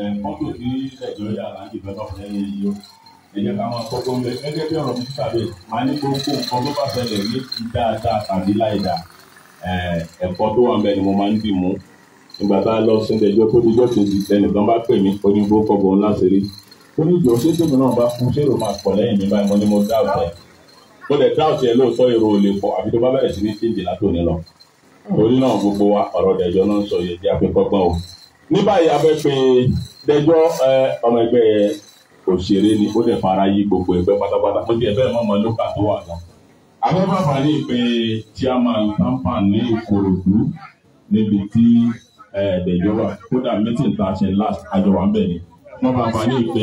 ẹ̀jẹ̀ mọ́tò tí ẹ̀jẹ̀ yà láti bẹ́ẹ̀ náà lẹ́yìn yìí o ẹ̀jẹ̀ ká máa kọ́ tó ń bẹ gẹ́gẹ́ bí ọ̀rọ̀ mi sàbẹ̀ máa ní gbogbo nǹkan tó bá ṣẹlẹ̀ ní ti dáadáa tàbí láìda ẹ̀kọ́ tó wà ń bẹ ni mo máa ń dì nígbà tá a lọ síbi ẹjọ́ tó dijọ́ kejì ẹnìkan bá pè mí onígbó kọ́bọ̀ ńlá ṣeré ó ní ìjọ ṣé tóbi náà bá fún ṣérò máa pọ̀ lẹ́yìn mi báyìí mo ní mo dá ọ̀tẹ̀ mo dẹ̀ dá ọ̀tẹ̀ lóòótọ́ èrò ò lè pọ̀ àfi tó bá bẹ̀rẹ̀ sí ní ṣéǹjì látòní lọ torí náà gbogbo wa ọ̀rọ̀ ẹ̀jọ́ náà ń sọ yẹ kí a fi kọ́gbọ́n o ní báyìí a pe dẹjọ́ ọmọ ẹgbẹ́ òṣèré ni ó dẹ̀ fara yí gbogbo ẹgbẹ́ pátápátá tó ti ẹgbẹ́ mọ́mọ́ lókà tó wà lọ. afẹ́fẹ́ àfààní pé chairman tampan ní ìkòròdú níbi tí dẹjọ́ wà kódà meeting tá a ṣe last àjọ wà ń bẹ̀ ni wọ́n bá àfààní pé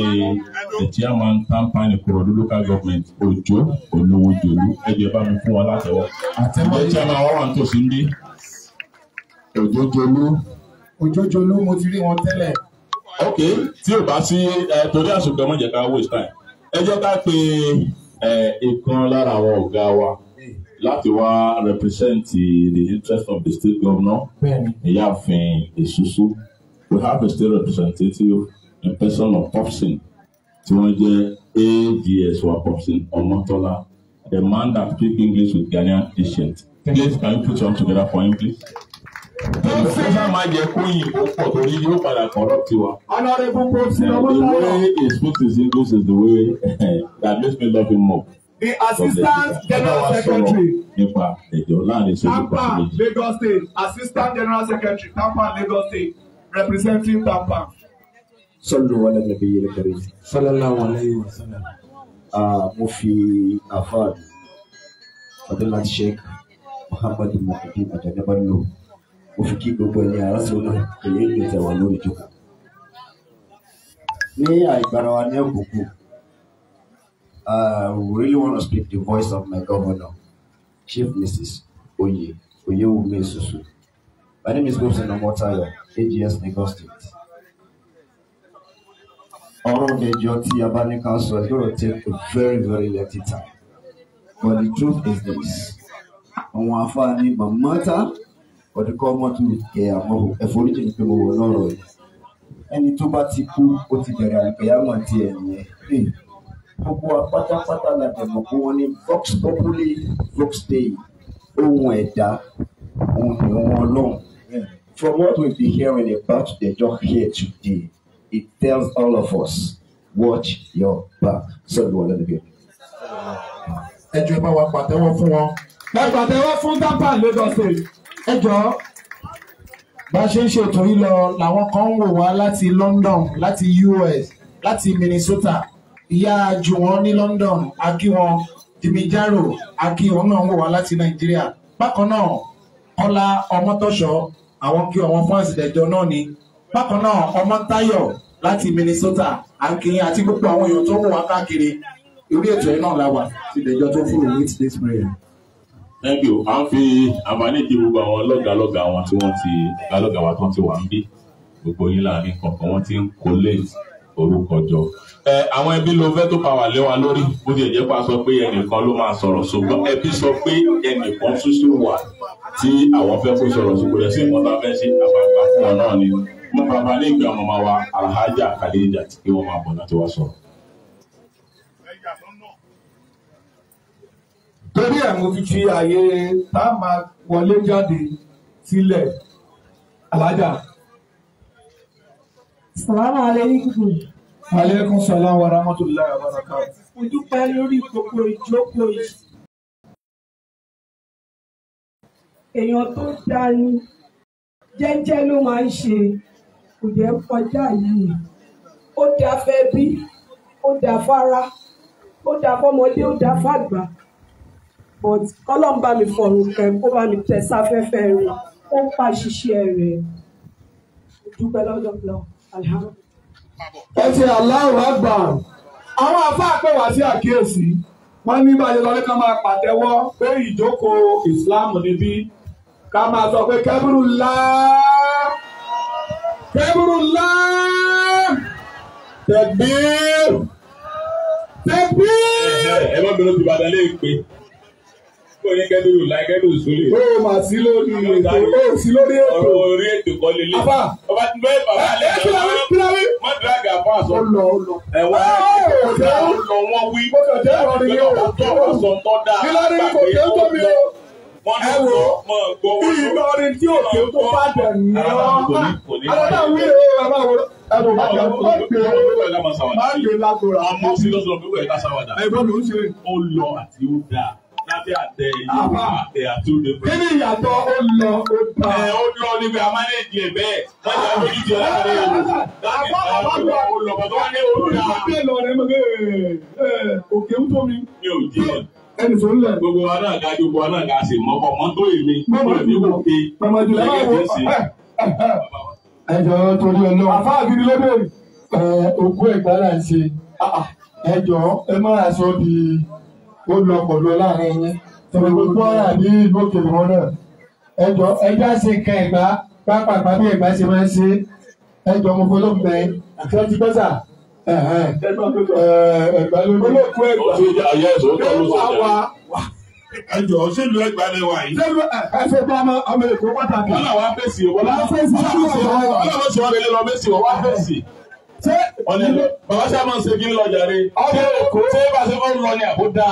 chairman tampan ìkòròdú local government òjò olówó jòlú ẹgbẹ́ bá mi fún wọn látẹ̀wọ́. àtẹ̀wọ́ chairman wọn wà nítòsí òjòjò ló mo ti rí wọn tẹ́lẹ̀. ok tí ò bá sí torí àsìkò ẹ má jẹ́ ká waste time ẹ jẹ́ ká pe ìkan lára àwọn ọ̀gá wa láti wá represent the interest of the state governor ìyáàfin Esusu we have a state representative in person of popsin tí wọ́n jẹ́ ads wa popsin Ọmọ́tọ́lá the man that speak English with Ghanaian patient please can you put your hand together for him please. Ìjọba máa jẹ kó yìnbó torí yóò padà corrupt wa. Honourable Kofi Ọmọláyọ̀. The way he speak to This is the way eh, that makes me love him more. The assistant general secretary. Nípa ẹ̀jọ̀ láàrin ṣe nípa mi. Tampa Lagos State assistant general secretary Tampa Lagos State representing Tampa. Sọ́lù wàlá nàbí yẹlẹ kẹrin. Sọ́lá wàlá yìí wà sọ́lá. Mo fi àfáà Abdullahi Sheikh Muhammadu Muhammadu Ajanabalo mo fi kí gbogbo ẹ̀yin ará sọ́nà èyí èdè tẹ̀wá lórí ìjókòó. ní àìgbára ní òkùnkùn we really want to speak the voice of my governor Chief Mrs. Oye Oyewumi Esusu my name is Gobson Omotayo AGS Lagos State. ọ̀rọ̀ ìjọ tí a Council is ká sọ gonna take a very very lengthy time but the truth is this àwọn afáàní mọ̀mọ́ta ọdún kọ́ mọ́tò kẹ àmọ́ ẹ̀fọ́ríjì ni pé mo wọ̀ lọ́rọ̀ yìí ẹni tó bá ti kú ó ti bẹ̀rẹ̀ àgbéyàmọ̀ ti ẹ̀ nìyẹn gbogbo apátápátá la dẹ̀ mọ̀ pé wọ́n ní vox populi vox dei ohun ẹ̀dá ohun ìwọ̀n ọlọ́run from what we be hearing about the talk here today it tells all of us watch your back sọ́dọ̀ wọlé níbi. ẹ jọ̀ọ́ ẹ bá wa pàtẹ́wọ́ fún wọn. pàtẹ́wọ́ fún Tápà Lagos ẹ jọ bá a ṣe ń ṣètò yìí lọ làwọn kan ń wò wá láti London láti US láti Minnesota ìyá jùwọ́n ní London akíwọn jimijaro akíwọn náà ń wò wá láti Nàìjíríà bákan náà Kọ́lá Ọmọtọ́ṣọ́ àwọn kí ọmọ fáǹsì dẹjọ náà ni bákan náà ọmọ Táyọ̀ láti Minnesota akíyìn àti gbogbo àwọn èèyàn tó ń wò wá káàkiri irú ètò yìí náà la wà ti dẹjọ tó fúrò with this prayer thank you à ń fi àǹfààní di gbogbo àwọn lọ́gàlọ́gà wọn tí wọ́n ti lọ́gàlọ́gà wa tó ti wà ń bí gbogbo yín láàrin kọ̀ọ̀kan wọ́n ti ń collate orúkọ jọ. ẹ àwọn ẹbí ló fẹ́ tó pa wà lé wa lórí bó ti ẹ̀jẹ̀ pa sọ pé ẹnìkan ló máa sọ̀rọ̀ ṣùgbọ́n ẹbí sọ pé ẹnìkan ṣoṣo wà tí àwọn fẹ́ kó sọ̀rọ̀ ṣùgbọ́n ẹ̀sìn ìmọ̀ tá fẹ́ ṣe àgbàgbà fún wọn náà ni mo bàbá ní ìgbà màmá wa alhaja Khadija tí wọ́n máa bọ̀ láti wá sọ̀rọ̀. torí ẹ̀ mo fi fi àyè tá a máa wọlé jáde sílẹ̀ alájà. sàlámù aleykum. aleykum salaam wa rahmatulahi wa barakatuh. mo dúpẹ́ lórí ìkókó ìjókòó yìí. èèyàn tó dáa ni jẹ́jẹ́ ló máa ń ṣe kò jẹ́ kọjá yìí ó dáa fẹ́ bí ó dáa fára ó dáa fọmọdé ó dáa fàgbà but kọ́lọ́n bá mi fọ̀rùn kẹ́ kó bá mi tẹ̀ sáfẹ́fẹ́ rẹ̀ kó pa ṣiṣẹ́ rẹ̀ dúpẹ́ lọ́dọ̀ lọ alhamdulilayi. ẹ ti Allahu Akbar àwọn àfáà pè wá sí àkíyèsí wọ́n ní báyìí lọ́dún kan máa pàtẹ́wọ́ pé ìjókòó ìsìláàmù níbí ká máa sọ pé kẹ́bùrù ńlá kẹ́bùrù ńlá tẹ̀gbìr tẹ̀gbìr. ẹ ẹ bẹ̀rẹ̀ ti bàdàn lè pè ó ní kẹ́dùrù láì kẹ́dùrù sórí. ó mà sí lórí ètò ó sì lórí ètò. ọ̀rọ̀ orí ètò kọ́ lélẹ̀. àbá ọba tí bẹ́ẹ̀ bàbá àlẹ́ ìjọba wọn píláwí. wọ́n dúró àgà fún àṣọ. ó lọ ó lọ. ẹ̀wọ̀n àgbẹ̀ ó lọ wọ́n wí. ó lọ jẹ́ ọ̀rọ̀ nìyẹn o. ìlànà ìkò kí ó tó mi o. ẹ wo ìlọrin tí òkè tó bá dẹ̀ ní ọ́. àwọn náà wí ẹ̀ ẹ̀ bá wọ́n ẹnu ma wọ́n yẹ ká sáwádà. ẹ gbọ́dọ̀ ó ṣe. ó lọ àti ó láti àtẹ ìyàwó àtẹ àtúndé. kí ni ìyàtọ̀ ó lọ ó bá. ẹ ó lọ níbi amánẹ́jì ẹ bẹ́ẹ̀ láti àwọn méjì ọlọ́run ẹ̀ wò láti àwọn ó lọ bàtọ́ wá ní olùdá. olùdá lọ rẹ mọ òkè ń tó mi. mi ò jí ẹ ẹni tó ń lẹ. gbogbo wa náà ga gbogbo wa náà ga sí mọ́kọ mọ́tò èmi mọ́tò èmi kò ké lẹ́gẹ̀ẹ́ bí ó sì. ẹ jọ torí Ọlọ́run. àfa àgídí ló bèrè. ẹ ogún ẹgbàá là ń ṣe. Ah, ah. ẹ jọ ẹ má ra aṣọ bíi ó lọ pẹ̀lú ẹ láàrin yín tẹ̀wé kwara ní ìlú òkèlè wọn náà ẹjọ ẹjọ àṣẹ nǹkan ẹ̀gbá pápákpá bí ẹ̀gbá ṣe máa ń ṣe ẹjọ mo fọlọ́ mẹ́ fẹ́ ti gbọ́sà ẹ̀gbá ló ní. olóòkú ẹ̀gbá ó ti jẹ́ àyẹ̀ ẹ̀sọ́ tó ló sọ̀rọ̀ ẹjọ òṣèlú ẹgbàá lè wà yìí. ṣé ẹsẹ bá ọmọ ọmọ èkó pàtàkì. wọn làwọn fèsì wọn làwọn fèsì wọn làwọn fèsì wọn lè lọ fèsì wọn wá fèsì. ṣé ọ̀nà bàbá sábà ń ṣe kí ń lọ jàre. ọmọ èkó ṣé bá ṣe fọ́ ń lọ ní àbúdá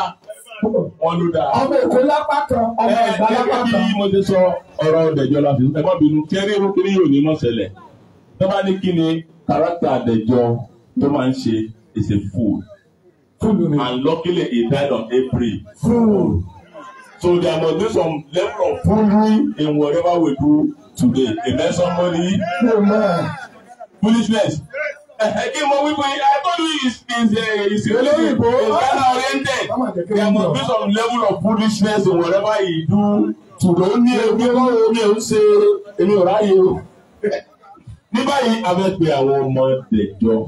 wọn ló dáa. ọmọ èkó lápá kan ọmọ àgbà lápá kan. ẹ ẹ bí mo ti sọ ọ̀rọ̀ ọdẹjọ la fi ẹ má bínú kẹrí irúkiri yóò ní mọ̀sẹ̀lẹ̀ tó bá ní kí ni kárátà àdẹjọ tó máa ń ṣe is a fool and luckily he died on April. fool. So there must be some level of foolery in whatever we do today. Amen, somebody? Amen. Foolishness kí mo wí fún yín I told you is is eh, is olóyìnbó is Ghana oriented there must be some level of foolishness in whatever you do tùdọ̀ ní ewu báwo ni ò ń ṣe èmi ò ráyè o. ní báyìí a fẹ́ pe àwọn ọmọ ẹ̀jọ́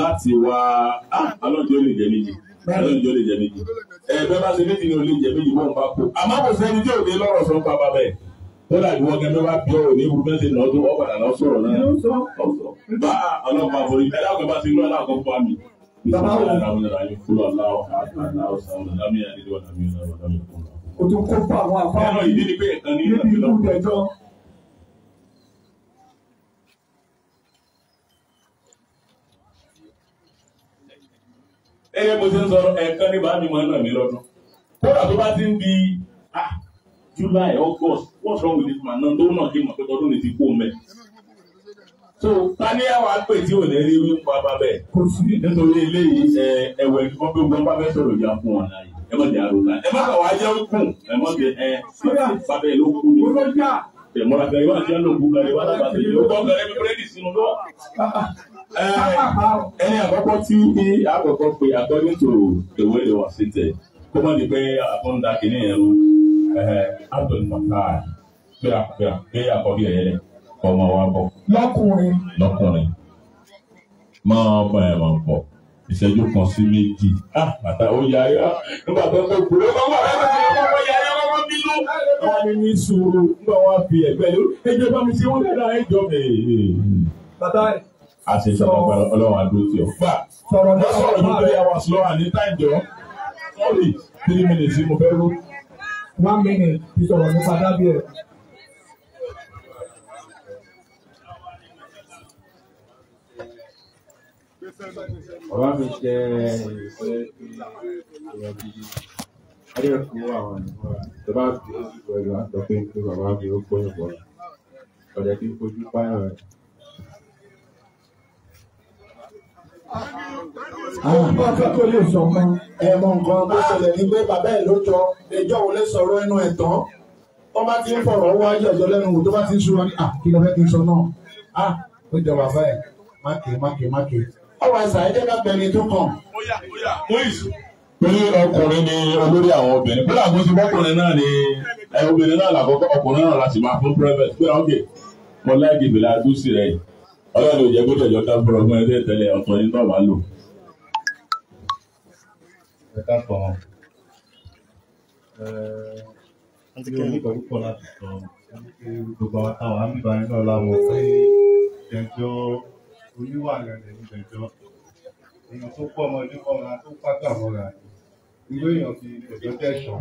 láti wá ah, alọ́jọ́ lè jẹ méjì alọ́jọ́ lè jẹ méjì ẹ̀ bẹ́ẹ̀ bá ṣe méjì ni ò lè jẹ méjì wọ́n ń bá kó àmọ́ kò sẹ́ni tí ò ní lọ́rọ̀ sọ́n pa bàbá ẹ̀ kódà ìwọ gẹ́gẹ́ bí wọ́n bí ọ̀rọ̀ ní ìwúrú mẹ́sẹ̀ náà tó ọ̀padà náà sọ̀rọ̀ náà bá ọlọ́pàá àforí ẹ̀dá ọ̀gá bá ti lọ aláàkọ́ fún mi. o tún kó fún àwọn afá níbi ìlú ìdẹjọ. ẹyẹ mo ti ń sọ̀rọ̀ ẹ̀ẹ̀kan ní bàá mi máa ń nà mí lọ́dún kódà tó bá ti ń bi July August what's wrong with this man náà lóun náà kí n mọ̀ pé tọdún lè ti kú mẹ́. so tani ẹ wàá pè tí ò lè rí wí pa bá bẹ́ẹ̀ kó sì nítorí eléyìí ẹ ẹwẹ́ wọn pé wọn bá fẹ́ sọ̀rọ̀ ìjà fún wọn láàyè ẹ má jẹ́ àròkà ẹ má kà wá jẹ́ òkun ẹ má jẹ́ ẹ bá bẹ́ẹ̀ ló kú ni tẹmọra kan ìwà àti ẹnu gbogbo ẹni wà lábàá tẹ́lẹ̀ ó gbọ́dọ̀ ẹni búrẹ́dì sínú lọ. ẹni àkọ́kọ́ tí ní àkọ́kọ́ pé according to the way they were seated kó má di pé àkọ́ńdà kìnìyàn ló. Eh, Abdul Fatai gbéra gbéra gbé àkọ́bí rẹ̀ lẹ̀ ọmọ wa bọ̀. lọ́kùnrin. lọ́kùnrin máa ọmọ ẹ̀ máa bọ̀ ìṣẹ́jú kan sí méjì ah, bàtà ó yà á nígbà tó ń bẹ gbòòrò ọmọ rẹ̀ ló ń yà á ọmọ bínú. wọ́n ní ní sùúrù nígbà wọn fi ẹ̀gbẹ́ ló ẹjọ́ bá mi ṣe wọ́n dáadáa ẹjọ́ bẹ̀ẹ́. bàtà ẹ̀ àṣeṣe ọgbà ọlọ́run adóòtì ọ̀gbà. sọ̀rọ̀ ní sọ̀rọ̀ ní one minute fi sọ̀rọ̀ nípa Gabriel. ọba mi jẹ ìṣe ìyàn gidi ayé kú àwọn ìmọ̀ràn tó bá fi ojú pẹ̀lú àtọ́pẹ́ bàbá mi ó gbóyìnbó ọ̀dẹ̀ kí n fojú páyà rẹ̀. àwọn àbá akẹ́kọ̀ọ́ lè sọ mọ́ ẹ̀mọ nǹkan bó ṣẹlẹ̀ ní pé bàbá ẹ̀ ló jọ ẹjọ́ òun lè sọ̀rọ̀ ẹnu ẹ̀ tán wọ́n bá ti ń fọ̀rọ̀ wá yọ̀jọ̀ lẹ́nu wò tó bá ti ń sọ ní kí ló fẹ́ kí n sọ náà á ó jọ bàbá ẹ̀ máàkì máàkì máàkì. ọwọ́ àṣà ẹ̀jẹ̀ bá bẹ̀rẹ̀ tó kàn. pé ọkùnrin ni olórí àwọn obìnrin pé làbó ti bọ́kùnrin náà ni obìnrin náà làkọ́kọ́ ọkùnrin náà láti máa fún private pé ọ̀gẹ̀ mo láì ọlọ́run ò jẹ́ kó tẹ̀jọ́ ká bọ̀rọ̀ mọ́ ẹgbẹ́ tẹ̀lé ọ̀tọ̀ ní bàbá lò. ẹ káàpọ̀ ẹ ní orúkọ púpọ̀ láti sọ gbogbo àwọn táwọn àmìbá nínú ọ̀làwọ̀ pé ìjẹ́jọ́ oníwà rẹ̀ ní ìjẹ́jọ́ èèyàn tó pọ̀ ọmọdé mọ́ra tó pátá mọ́ra irú èèyàn fi ìjẹ́jọ́ tẹ̀sán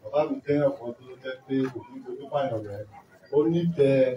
bàbá mi tẹ́yàn kan tó jẹ́ pé òfin gbogbo pààyàn rẹ̀ ó nífẹ̀ẹ́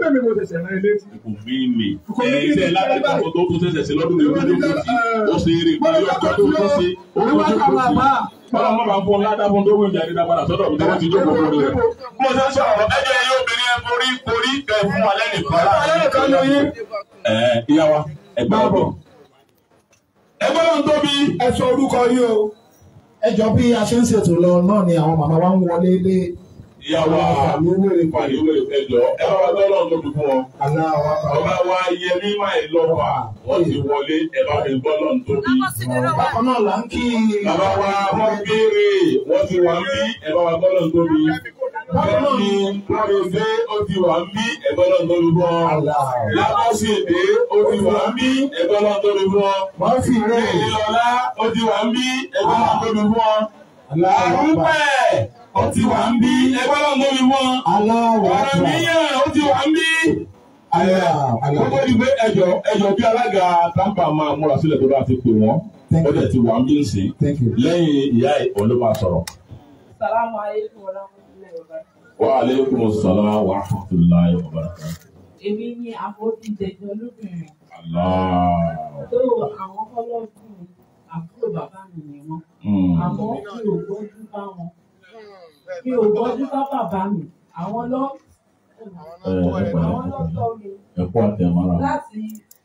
bẹ́ẹ̀ mi mo tẹ̀sẹ̀ rán ilé tí. kò fi mi ẹyin tẹ láti kọ tó kún tẹsẹ̀ sí lọ́dún yìí lójú kùtì ó ṣe eré pé yóò kọ́ tó kún sí orúkọ tó kún sí. Bọ́lá wọn máa fún un ládàá fún Dógún ìjà nígbà padà sọ́dọ̀ mi tí ti jókòó lórí rẹ̀. Mo ṣe ń sọ̀rọ̀ ẹjẹ́ yóò bẹ̀rẹ̀ borí borí ẹ fún wa lẹ́nìkan. Ẹ ìyá wa tóbi. Ẹ sọ orúkọ yìí o. Ẹ jọ bí a ṣe ń ṣètò lọ náà ni àwọn màmá wa ń wọlé lé ìyàwó àmúwèrè pàdéwèrè ẹjọ ẹ bá lọ́nà tó dùn fún ọ. ọba wa yẹ mímọ́ ẹ lọ́wọ́ wọ́n ti wọlé ẹ bá fi gbọ́ lọ́nà tó bí. bákan náà là ń kí. bàbá wa wọ́n béèrè wọ́n ti wà ń bí ẹ bá wa gbọ́ lọ́nà tó bí. bákan náà ni pàrọ̀dé ó ti wà ń bí ẹ gbọ́ lọ́nà tó bí fún ọ. lábàṣèdè ó ti wà ń bí ẹ gbọ́ lọ́nà tó bí fún ọ. wọ́n sì rẹ̀ ìlọlá ó ti wà ń bí ẹ gbọ́ lọ́nà tó bí fún ọ. làrúbẹ̀ ó ti wà ń bí ẹgbẹ́ náà ló fi wọ́n ọ̀rọ̀ mi yàn ó ti wà ń bí. gbogbo ìgbé ẹjọ ẹjọ bí alága tampa máa múra sílẹ̀ tó bá ti pè wọ́n ó dẹ̀ ti wà ń bí nsì lẹ́yìn ìyá ìkọ́ ló máa sọ̀rọ̀. salamu aleykum wa rahmatulahi wa wa aleykum salaam wa rahmatulahi wa barakatuh. èmi ni àfojúdẹjọ lóbìnrin. tó àwọn kọ́lọ́ọ̀kù àbúrò mi ni wọ́n hmm. àmọ́ kí o gbọ́dú bá mi ò gbọ́dún bá bàbá mi àwọn lọ àwọn lọ sọ mi ẹ̀kọ́ àtẹ̀mọ́ra láti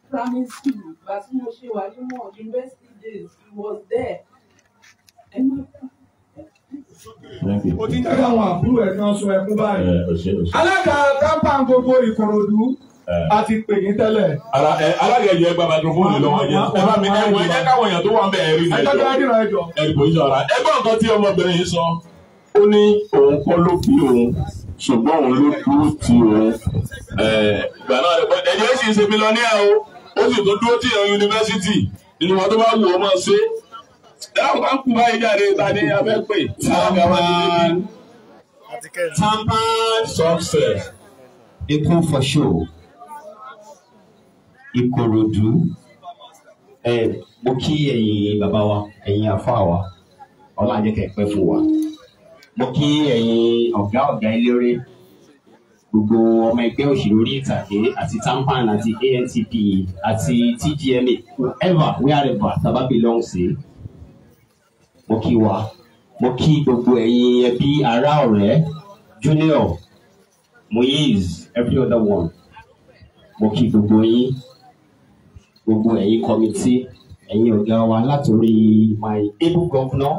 primary school ìgbà tí mo ṣe wà nímọ̀ university days he was there ẹ má o ti jẹ́ káwọn àbúrò ẹ̀ kan sọ ẹkún báyìí alága kápá gbogbo Ìkòròdú a ti pè yín tẹ́lẹ̀. alága ẹ̀jẹ̀ gba microphone lọ́wọ́ yẹn ẹ bá mi ẹ̀wọ̀n ẹ̀jẹ̀ káwọn èèyàn tó wà ń bẹ̀ ẹ̀rí ni ẹ̀jọ̀ ẹ̀rí pòlíṣọ̀ ara ẹgbọ́n nǹkan tí ọmọbìnrin yìí sọ ó ní òun kọ́ ló bí òun ṣùgbọ́n òun ló dúró ti òun. ìgbà náà rẹ̀ pẹ̀lú ẹjọ́ sì ṣe mi lọ ní ẹ̀ o ó sì tún dúró ti ìyàn yunifásitì nínú wọn tó bá wù ọ́ máa ṣe. dáhùn bá ń kú báyìí jáde ta ni a fẹ́ pè. tampered success ikun for show Ìkòròdú mo kí ẹ̀yin bàbá wa ẹ̀yin àfa wa ọlọ́run àjẹkẹ̀ pẹ́ fún wa mo kí ẹ̀yin ọ̀gá ọ̀gá eléré gbogbo ọmọ ẹgbẹ́ òṣèré orí ìtàgé àti tampan àti antp àti tgma whoever wherever tàbá belong sí mo kí wa mo kí gbogbo ẹ̀yin ẹbí ará ọ̀rẹ́ junior moyiz every other one mo kí gbogbo yín gbogbo ẹ̀yin kọ́mítì ẹ̀yin ọ̀gá wa látòrí my able governor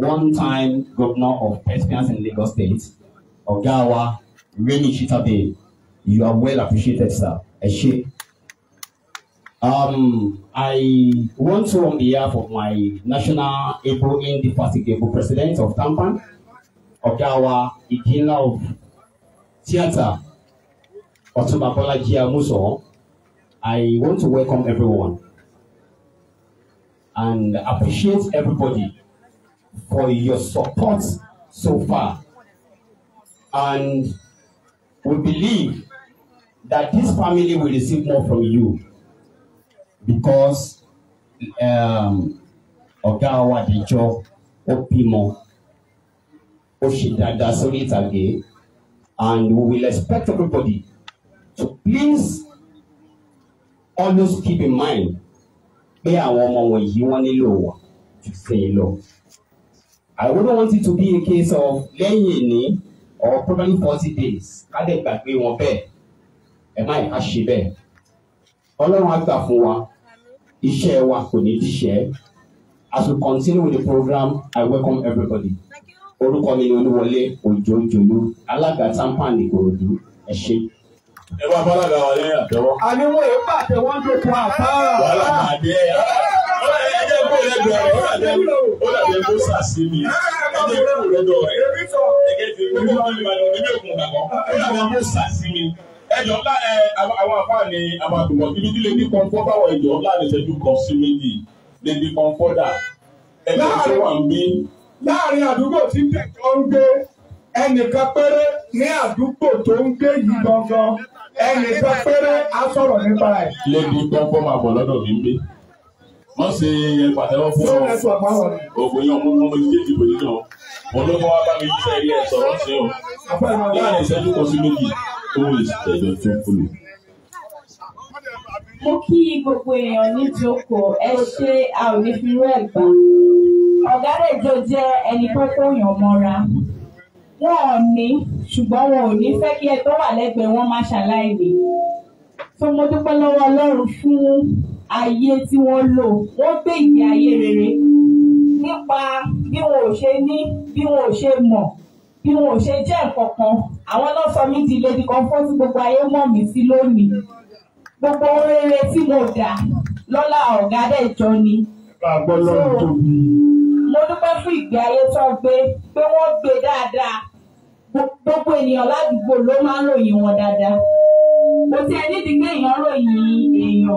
one-time governor of Thespians in Lagos State, Ogawa Reni Chitabe. You are well appreciated, sir. A shape. Um, I want to, on behalf of my national Able Indefatigable President of Tampan, Ogawa Iginla of Theatre, Otumba Bolaji Amuso, I want to welcome everyone and appreciate everybody for your support so far. And we believe that this family will receive more from you because um, ogawa dijo opimo ó bímọ ó and we will expect everybody to please always keep in mind pé àwọn ọmọ wọ̀nyí wọ́n nílò wa jù sẹ́yìn lọ. I wouldn't want it to be a case of lẹ́yìn ìní or probably forty days ká dẹ̀ gbàgbé wọn bẹ́ẹ̀ ẹ̀ má ìka ṣe bẹ́ẹ̀ ọlọ́run á gbà fún wa iṣẹ́ wa kò ní díṣẹ́ as we continue with the program I welcome everybody orúkọ mi ni Olúwọlé Òjòjòlú alága tampan Ìkòròdú ẹ ṣé. ẹ wá bọ́lá gàwálé àtẹwọ́. àní mo yóò bá àtẹwọ́ ń dòkun àfáà. wàhálà máa dé àtẹwọ́ ẹnu rẹ ó dàbí ẹnu ó dàbí ẹnu sà sí mi ẹni kú lọ́dọ̀ rẹ gẹ́gẹ́ bí wíwá wọn lè máa lọ níbi òkun gbàgbọ́ ó dàbí ẹnu sà sí mi ẹjọ ńlá ẹ àwọn àfáàní àwọn àtùmọ̀ ibi tí lè ní kọ́ńfọ́ báwọn ẹjọ ńlá rẹ ṣẹ́jú kan sí méjì lè ní péré ní àdúgbò tó ń gbé yìí gangan ẹnìkan péré á nípa ẹ̀. lè ní máa bọ̀ lọ́dọ̀ mi ń gbé wọ́n ṣe pàtẹ́wọ́ fún ọ ògùn yẹn ọmọ ọmọ ìdílé ìdìbò yìí náà wọn ló fọwọ́ bá mi yíṣẹ́ ilé ẹ̀ sọ̀rọ̀ sí ọ láàrin ìṣẹ́jú kan sí méjì ó lè ṣẹ̀jọ̀ tó kú lò. mo kí gbogbo èèyàn níjókòó ẹ ṣe a ò ní fi rú ẹ̀ gbà ọ̀gá rẹ̀jọ jẹ́ ẹni pẹ́pẹ́ èèyàn mọ́ra wọn ò ní ṣùgbọ́n wọn ò ní fẹ́ kí ẹ tó wà lẹ́gbẹ̀ẹ́ wọn má ṣàlàyé tó mo dúpẹ́ lọ́wọ́ Ọlọ́run fún ayé tí wọ́n lò wọ́n gbé ìgbé ayé rere nípa bí wọn ò ṣe ní bí wọn ò ṣe mọ̀ bí wọn ò ṣe jẹ́ nǹkan kan àwọn náà sọ mí di lady comfort gbogbo ayé mọ̀ mí sí lónìí gbogbo rere tí mo dà lọ́lá ọ̀gá dẹ̀ jọ ni. mo dúpẹ́ fún ìgbé ayé tó gbé pé wọ́n gbé dáadáa gbogbo ènìyàn ládùúgbò ló máa ń ròyìn wọn dáadáa kò tiẹ̀ nídìí pé èèyàn ròyìn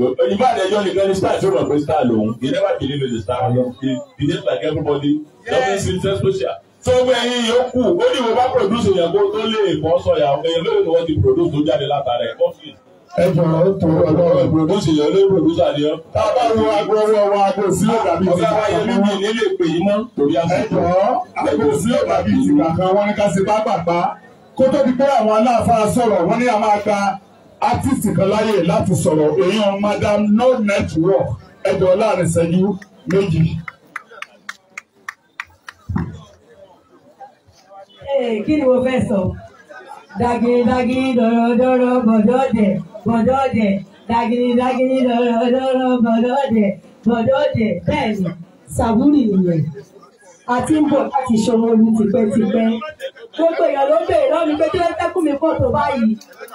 in fact ẹjọ́ nìkan ni star ṣó mọ̀ pé star lòun he never believe in the star he behave like everybody nothing seems special tó gbé ẹyin yòókù ó ní ìwé bá produce èèyàn kó tó lè fọ́ sọ̀yà èèyàn lórí ni wọ́n ti produce tó jáde látara ẹ̀ kọ́fì. ẹ jọ̀rọ̀ ó tó ọlọ́run produce èèyàn lórí produce àdéhùn. tá a bá wo agbo ọwọ́ wa agbo sílò tàbí ìsìnkà kan. ọ̀gá wáyé mímí ní pè yín mọ́ torí àṣẹ. ẹ jọ̀rọ̀ agbo sílò tàbí ìsìnkà kan wọn ni artist kan láyè láti sọ̀rọ̀ èèyàn madam no network ẹjọ́ láàrin ìṣẹ́jú méjì. Eh, kí ni mo fẹ́ sọ dagidagi dọ̀rọ̀dọ̀rọ̀ bọ̀dọ̀dẹ̀ bọ̀dọ̀dẹ̀ dagidagi dọ̀rọ̀dọ̀rọ̀ bọ̀dọ̀dẹ̀ bọ̀dọ̀dẹ̀ bẹ́ẹ̀ ni sàbúrì ìyẹn àti ń bọ̀ láti ṣọwọ́ ní tipẹ́tipẹ́ gbogbo èèyàn ló ń bèèrè lọ́wọ́ mi pé kí ló tẹ́kùn mi pọ̀ tó báyìí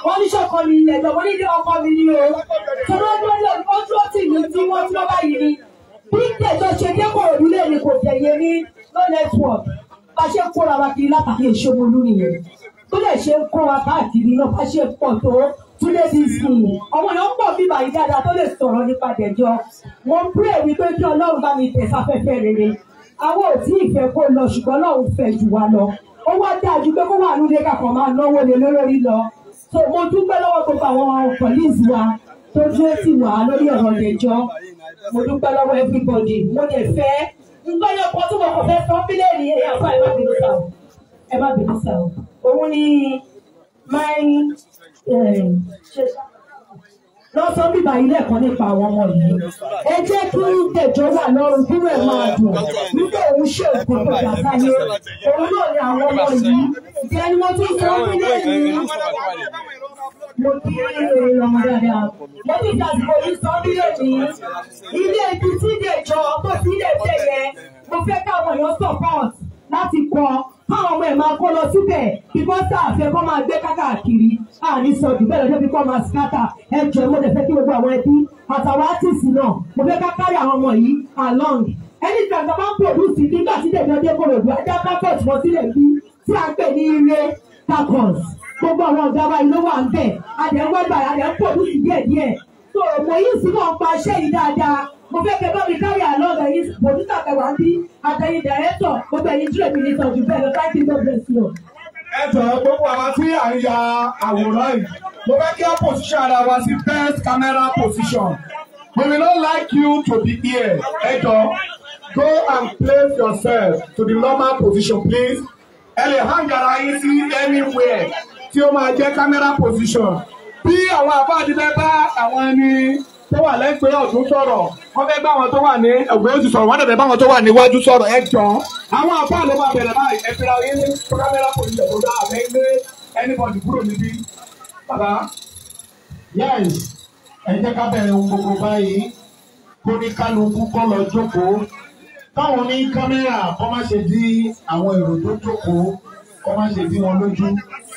wọ́n ní ṣọ̀kọ mi ilẹ̀ lọ wọ́n ní ilé ọkọ mi ni o tó ló dúró lé ọdún dúró tì mí tí wọ́n dúró báyìí ni bí ìtẹ̀jọ́ ṣe dé kòròdú lé ní kò tẹ̀yẹ ní no network bá ṣe kóra wa kiri látàrí ìṣòwòlú nìyẹn tó lè ṣe ń kóra káàkiri náà bá ṣe pọ̀ tó túlé ti sùn ọmọ yẹn pọ̀ bí bàyí dáadáa tó lè sọ̀rọ̀ nípa dẹ̀jọ́ mo ń pray wípé kí ọlọ́run bá mi tẹ̀ sáfẹ́fẹ́ rere àwọn ò tí ì fẹ́ kó lọ ṣùgbọ́n ọlọ́run fẹ́ jù wá lọ ó wá dáa ju pé kó wà nílé kakọ̀ máa náwó lé lórí lọ so mo dúpẹ́ lọ́wọ́ gbogbo àwọn pọ̀líìsì wa tó dúró tì wá lórí ọ̀rọ̀ ìdẹ́jọ́ mo dúpẹ́ lọ́wọ́ everybody mo dẹ̀ fẹ́ ngbọ́yọ̀ kan tí mo kàn fẹ́ sọ bílẹ̀rì ẹ̀yà fún ẹ̀ má bínú sà ó ẹ̀ má bínú sà ó òun ni máa ń eh, ṣe sá lọ́sọ̀ bíbá ilé ẹ̀kọ́ nípa àwọn ọmọ yìí ẹ jẹ́ kí tẹ̀jọ́ wà lọ́rùn kí wẹ̀ máa dùn nígbà òun ṣe òkú tó dà sáyé òun náà ni àwọn ọmọ yìí ti ẹni wọ́n tún sọ ọ́n nílé yìí mo kí ẹ̀rọ ọmọ dáadáa mo ti dàgbò yìí sọ nílé yìí ilé ibi tí ìdèjọ́ tó ti ilé ìdè mo fẹ́ káwọn èèyàn support láti kọ́ káwọn ọmọ ẹ̀ máa kó lọ síbẹ̀ bíkọ́ sáàfẹ́ kọ́ máa gbé kákàkiri àní sọ jù bẹ́ẹ̀ lọ́jọ́ bíkọ́ máa skátà ẹ jẹ́ mo fẹ́ kí gbogbo àwọn ẹbí àtàwọn átìsì náà mo fẹ́ ká kárí àwọn ọmọ yìí along ẹni gbàgbọ́ máa ń pòdùsì nígbà tí dèbí ọdẹ kòròdú ajá kápẹ́t mọ́ sílẹ̀ bí tí a pè ní ire tacos gbogbo àwọn ọ̀gá wa ló wà ń bẹ̀ adẹ̀ ń wẹ́gbà adẹ̀ ń pòdùsì díẹ̀díẹ̀ so mo yìí sí náà pa iṣẹ́ yìí dáadáa mo fẹ́ kẹ́ bá mi kárí àlọ́ ọ̀dọ̀ yìí pòlítà kẹwàá bí àtẹ̀yìn dẹ̀rẹ́tọ̀ gbogbo ẹ̀yìn tí èmi nìkan jù bẹ́ẹ̀ lọ thank you God bless you. ẹ jọ̀ọ́ gbogbo àwa tí à ń ya àwòrán yìí mo fẹ́ kí ó position ara wa sí best camera position we will not like you to be here ẹ jọ̀ọ́ go and place yourself to the normal position please ẹ lè hang ara yín sí anywhere tí ó máa jẹ́ camera position bí àwọn àbá àdìbẹ́ bá àwọn ẹni tó wà lẹ́gbẹ̀ẹ́ ọ̀tún sọ̀rọ̀ wọ́n fẹ́ bá wọn tó wà ní ẹ̀gbẹ́ òsì sọ̀rọ̀ wọ́n dẹ̀bẹ̀ bá wọn tó wà níwájú sọ̀rọ̀ ẹ jọ. àwọn àpá ló máa bẹ̀rẹ̀ báyìí ẹ̀fẹ̀ra yín ní kámẹ́rà kò ní ìjọba àbẹ́ ilé ẹnìbọ̀dì kúrò níbí. bàbá yẹ́s ẹ jẹ́ ká bẹ̀rẹ̀ ohun gbogbo báyìí kó ní kálukú kọ́ lọ jókòó táwọn ní kámẹ́rà kọ́ má ṣe dí àwọn èrò tó jókòó kọ́ má ṣe dí wọn lójú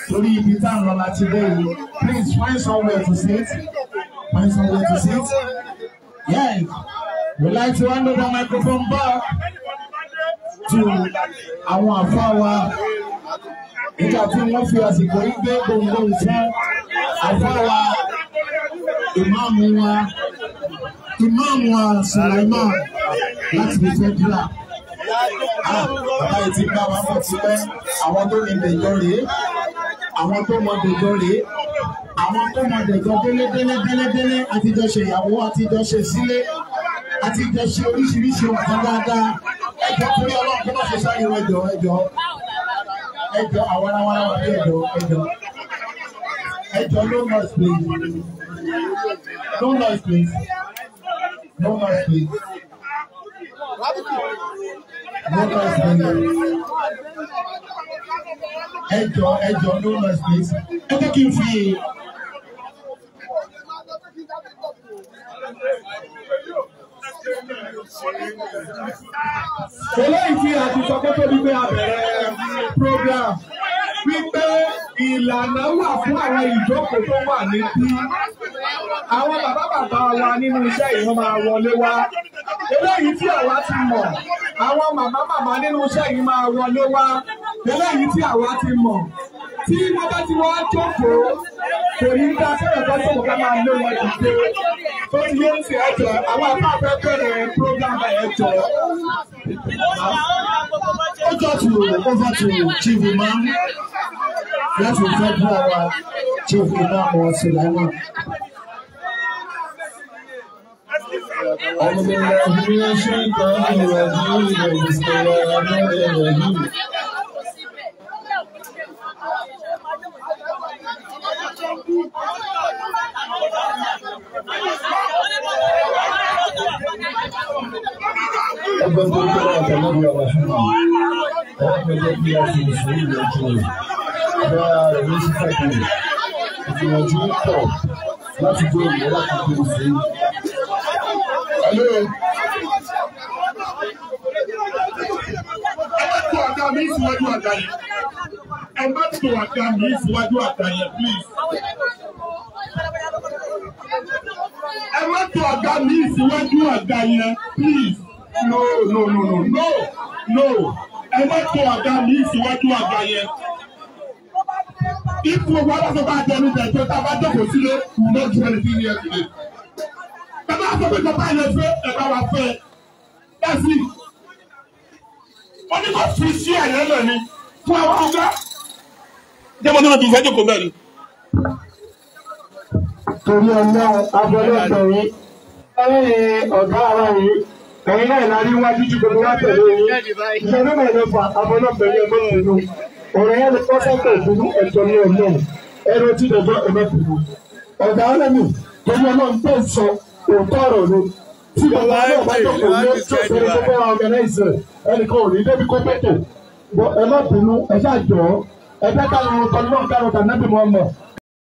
torí ibi táwọn lọ láti bẹ́ẹ̀ yìí please find somewhere to sit. Nice and let sit. Yeah, we'd like to hand over microphone back to our àwọn àfáà wa. Nígbà tí wọ́n fi àsìkò yìí gbé gbòǹgbòǹ fún àfáà wa, ìmáàmù wa, ìmáàmù wa Sulaiman láti fi fẹ́ dúrà. Ah, bàbá yìí ti bá wa fọ̀ sípẹ́, àwọn tó ní bẹ̀jọ́ rèé, àwọn tó mọ bẹ̀jọ́ rèé àwọn akọ́mọdéjọ délé délé délé délé àtijọ́ ṣe ìyàwó àtijọ́ ṣe sílé àtijọ́ ṣe oríṣiríṣi nǹkan dáadáa ẹjọ́ torí ọlọ́run tó bá ṣe sáyẹ̀wò ẹjọ́ ẹjọ́ ẹjọ́ àwọn ará wọn bí ẹjọ́ ẹjọ́ ẹjọ́ no noise please no noise please no noise please. No noise please ẹjọ ẹjọ no noise please ẹ jẹ́ kí n fi. eléyìí fi àtúntò kó tóbi pé a bẹ̀rẹ̀ um, program wípé ìlànà wà fún àwọn ìjókòó tó wà níbí àwọn bàbá bàbá wa nínú iṣẹ́ yìí wọ́n máa wọlé wá eléyìí tí àwa ti mọ̀ àwọn màmá màmá nínú iṣẹ́ yìí máa wọlé wá eléyìí tí àwa ti mọ̀ tí wọ́n bá ti wá jókòó kò ní dá sẹ́yìn kan tó ká máa lé wọn dìde tó ti yé ń ṣe ẹ̀jọ̀ àwọn afáfẹ́ bẹ̀rẹ̀ program ẹ̀jọ̀. Over to over to Chief Imam láti fẹ́ bú àwa Chief Imam Sulaiman. أعوذ بالله من الشيطان الرجيم بسم الله الرحمن الرحيم ọgbọ́n tó ń bọ̀ láti ọlọ́run ọba fún mi ọwọ́ mi jẹ́ kí a fi ìṣòro ìlú ojú rẹ̀ agbára rẹ̀ ló sì fẹ́ kiri ìgbìyànjú ń pọ̀ láti gbé ìwé Ẹ má tó àga mi síwájú àga mi please no no no no no no ẹ má tó àga mi síwájú àga yẹn if gbogbo aláṣọ bá jẹnu jẹjọ tá a bá jókòó sílé we no do anything here today bàbá sọ pé bàbá yẹn fẹ́ ẹ bá wa fẹ́ that's it wọ́n ní kò fi sí àyẹ̀ lọ ni fún àwọn ọgá jẹ́mọ́ náà ti fẹ́ jókòó bẹ́ẹ̀ ni. torí ọlọ́run abọ́lé ọ̀dọ́ yìí ọ̀dọ́ ara yìí ẹ̀yin náà la rí wájú ju gbogbo wa tẹ̀lé yín ìṣe ní mọ̀ lọ́fà àmọ́ náà bẹ̀rẹ̀ ẹ̀mọ́ ìlú ọ̀rọ̀ yẹn lè kọ́ sọ́kọ̀ òkúrú ẹ̀tọ́ ní ọ̀nà ẹ̀rọ tí dọ̀dọ̀ ẹ̀mọ́ ìlú ọ̀gá ọlẹ́mì torí ọlọ́run tó ń sọ òótọ́ ọ̀rọ̀ ni tí gbogbo ọlọ́run bá tó kò ní tó fẹ́rẹ́ gbogbo wa ọ̀gẹ́nẹ́sì rẹ̀ ẹnìkan ò ní débi kó pẹ̀tẹ̀ ẹ̀mọ́ ìlú ẹ̀ṣáàjọ́ ẹ̀ṣẹ́ káàrún tọ́lú náà káàrún